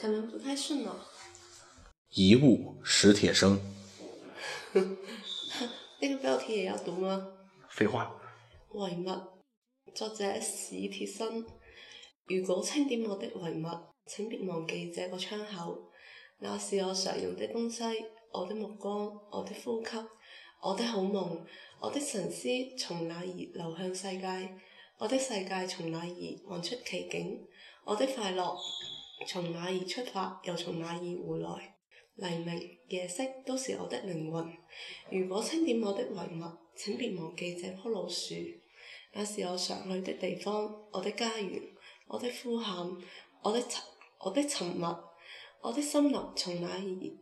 可能不，不太順咯、啊。遺物，史鐵生。呢 個標題也有讀嗎、啊？廢話。遺物，作者史鐵生。如果清點我的遺物，請別忘記這個窗口，那是我常用的東西，我的目光，我的呼吸，我的好夢，我的神思，從哪兒流向世界，我的世界從哪兒望出奇景，我的快樂。從哪兒出發，又從哪兒回來？黎明、夜色都是我的靈魂。如果清點我的遺物，請別忘記這棵老樹，那是我常去的地方，我的家園，我的呼喊，我的沉我的沉默，我的森林從哪兒？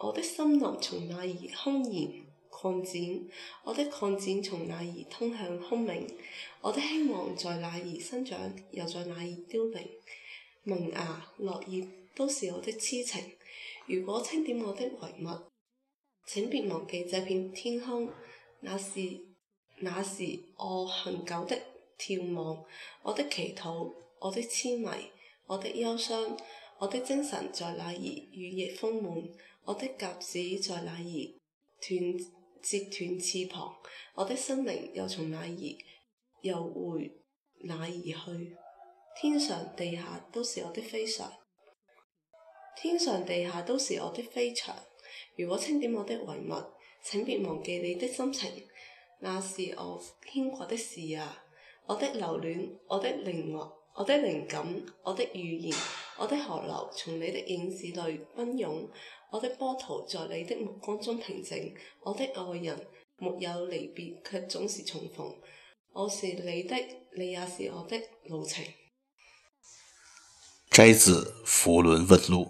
我的森林從哪兒？盎然擴展？我的擴展從哪兒？通向空明？我的希望在哪兒？生長，又在哪兒？凋零？萌芽、落葉都是我的癡情。如果清點我的遺物，請別忘記這片天空，那是那是我恒久的眺望，我的祈禱，我的癡迷，我的憂傷，我的精神在哪兒羽翼豐滿，我的鴿子在哪兒斷折斷翅膀，我的心靈又從哪兒又回哪兒去？天上地下都是我的飛翔，天上地下都是我的飛翔。如果清點我的遺物，請別忘記你的心情，那是我牽掛的事啊！我的留戀，我的靈魂，我的靈感，我的語言，我的河流，從你的影子裏奔湧；我的波濤，在你的目光中平靜。我的愛人，沒有離別，却總是重逢。我是你的，你也是我的，路程。摘自《扶輪問路》。